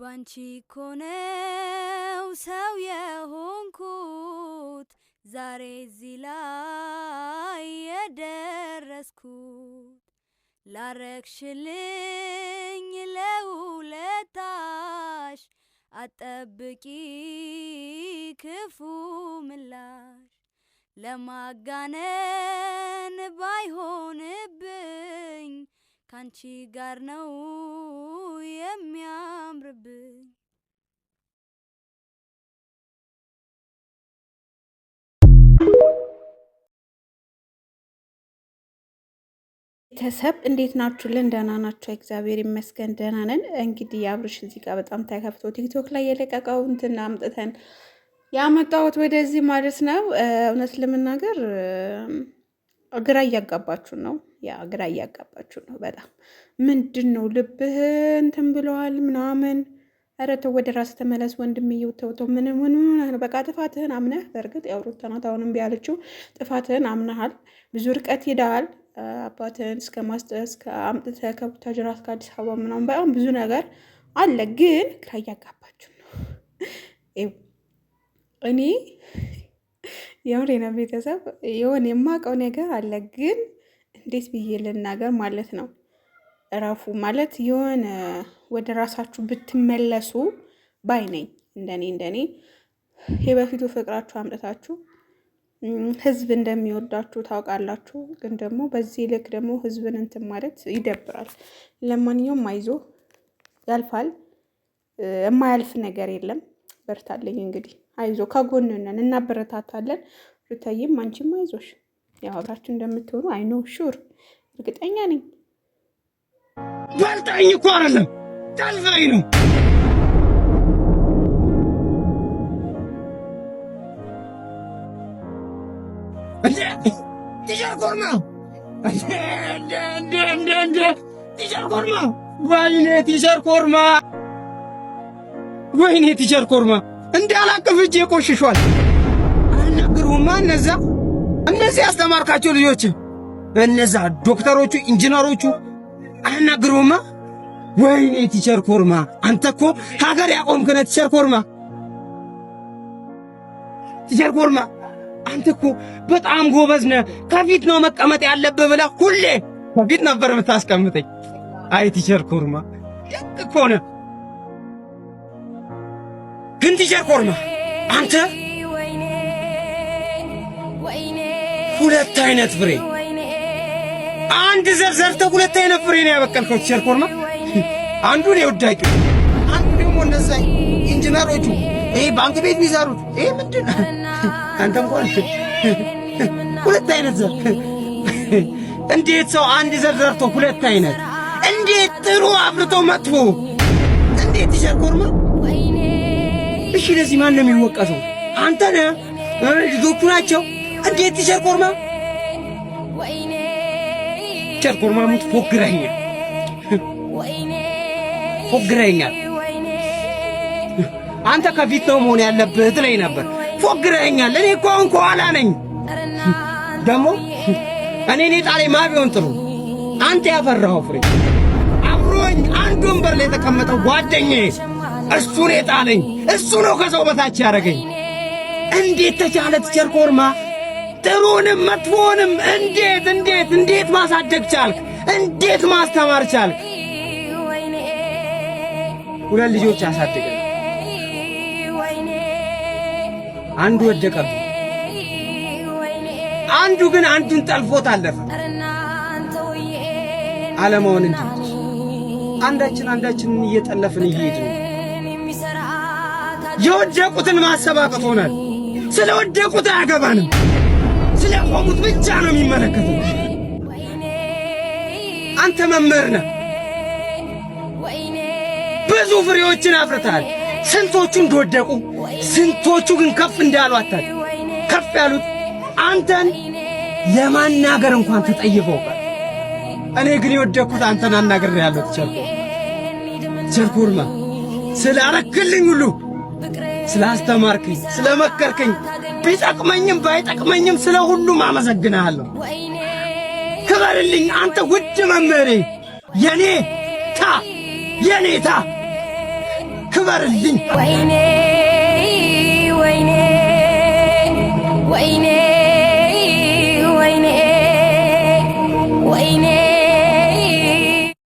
ባንቺ ኮነው ሰው የሆንኩት ዛሬ እዚህ ላይ የደረስኩት ላረግሽልኝ ለውለታሽ አጠብቂ ክፉ ምላሽ ለማጋነን ባይሆንብኝ ካንቺ ጋር ነው ቤተሰብ እንዴት ናችሁልን? ደህና ናቸው፣ እግዚአብሔር ይመስገን ደህና ነን። እንግዲህ የአብርሽ እዚህ ጋር በጣም ተከፍቶ ቲክቶክ ላይ የለቀቀው እንትን አምጥተን ያመጣሁት ወደዚህ ማለት ነው። እውነት ለመናገር ግራ እያጋባችሁ ነው፣ ያ ግራ እያጋባችሁ ነው በጣም ምንድን ነው ልብህ እንትን ብለዋል ምናምን። ኧረ ተው ወደ ራስ ተመለስ ወንድምዬው፣ ተው ተው። ምን ምን በቃ ጥፋትህን አምነህ በእርግጥ ያው ሩት ናት አሁንም ቢያለችው ጥፋትህን አምነሃል፣ ብዙ ርቀት ሄደሃል አባትን እስከ ማስጠስ ከአምጥተ ከቡታጅራ እስከ አዲስ አበባ ምናምን በጣም ብዙ ነገር አለ። ግን ግራ እያጋባችሁ ነው። እኔ የምሬ ነው። ቤተሰብ የሆነ የማውቀው ነገር አለ፣ ግን እንዴት ብዬ ልናገር ማለት ነው። እረፉ ማለት የሆነ ወደ ራሳችሁ ብትመለሱ ባይ ነኝ። እንደኔ እንደኔ የበፊቱ ፍቅራችሁ አምጥታችሁ ህዝብ እንደሚወዳችሁ ታውቃላችሁ። ግን ደግሞ በዚህ ልክ ደግሞ ህዝብን እንትን ማለት ይደብራል። ለማንኛውም አይዞ ያልፋል። የማያልፍ ነገር የለም። በርታለኝ እንግዲህ አይዞ ከጎንነን እናበረታታለን። ሩታዬም አንቺም አይዞሽ፣ ያው አብራችሁ እንደምትሆኑ አይኖ ሹር እርግጠኛ ነኝ። በልጣኝ እኮ አይደለም ጠልፋኝ ነው ቲቸር ኮርማ ወይኔ ቲቸር ኮርማ ወይኔ እንዳላቅፍ እጄ ቆሽሿል። አልነግሩማ እነዛ እነዚህ ያስተማርካቸው ልጆች እነዛ ዶክተሮቹ፣ ኢንጂነሮቹ አልነግሩማ። ወይኔ ቲቸር ኮርማ አንተ እኮ ሀገር ያቆምክነ ቲቸር ኮርማ ቲቸር ኮርማ አንተ እኮ በጣም ጎበዝ ነህ፣ ከፊት ነው መቀመጥ ያለብህ ብለህ ሁሌ ከፊት ነበር የምታስቀምጠኝ። አይ ቲቸር ኮርማ ደግ እኮ ነህ። ግን ቲቸር ኮርማ አንተ ሁለት አይነት ፍሬ አንድ ዘር ዘርተህ ሁለት አይነት ፍሬ ነው ያበቀልከው ቲቸር ኮርማ። አንዱ ነው የውዳቂው አንዱ ደግሞ እነዛ ኢንጂነሮቹ ይሄ ባንክ ቤት የሚሰሩት ይሄ ምንድን ነው? አንተ እንኳን ሁለት አይነት ዘር እንዴት ሰው አንድ ዘር ዘርቶ ሁለት አይነት እንዴት ጥሩ አፍርቶ መጥፎ እንዴት ይሸኮርማ? እሺ ለዚህ ማን ነው የሚወቀሰው? አንተ ነህ? ልጆቹ ናቸው? እንዴት ይሸኮርማ? ሸኮርማ ሙት አንተ ከፊት ነው መሆን ያለብህ ትለኝ ነበር ፎግረኸኛል። እኔ እኮ አሁን ከኋላ ነኝ። ደግሞ እኔ እኔ ጣሪ ማቢሆን ጥሩ አንተ ያፈራኸው ፍሬ አብሮኝ አንድ ወንበር ላይ የተቀመጠው ጓደኛዬ እሱ ነው የጣለኝ። እሱ ነው ከሰው በታች ያደረገኝ። እንዴት ተቻለ ቲቸር ኮርማ? ጥሩንም መጥፎንም እንዴት እንዴት እንዴት ማሳደግ ቻልክ? እንዴት ማስተማር ቻልክ? ሁለት ልጆች አሳደገ አንዱ ወደቀ፣ አንዱ ግን አንዱን ጠልፎት አለፈ። ዓለማውን እንጂ አንዳችን አንዳችንን እየጠለፍን እየሄድ የወደቁትን ማሰባቀት ሆናል። ስለ ወደቁት አያገባንም። ስለ ቆሙት ብቻ ነው የሚመለከተው። አንተ መምህር ነህ፣ ብዙ ፍሬዎችን አፍርተሃል። ስንቶቹ እንደወደቁ ስንቶቹ ግን ከፍ እንዳሉ አታውቅም። ከፍ ያሉት አንተን ለማናገር እንኳን ተጠይፈው እኔ ግን የወደቅኩት አንተን አናገር ያለው ቸርኮር ቸርኩርማ ስላረክልኝ ሁሉ ስላስተማርከኝ፣ ስለመከርከኝ ቢጠቅመኝም ባይጠቅመኝም ስለ ሁሉም አመሰግናለሁ። ክበርልኝ አንተ ውድ መምህሬ የኔ ታ የኔ ታ Everybody sing. Wayne.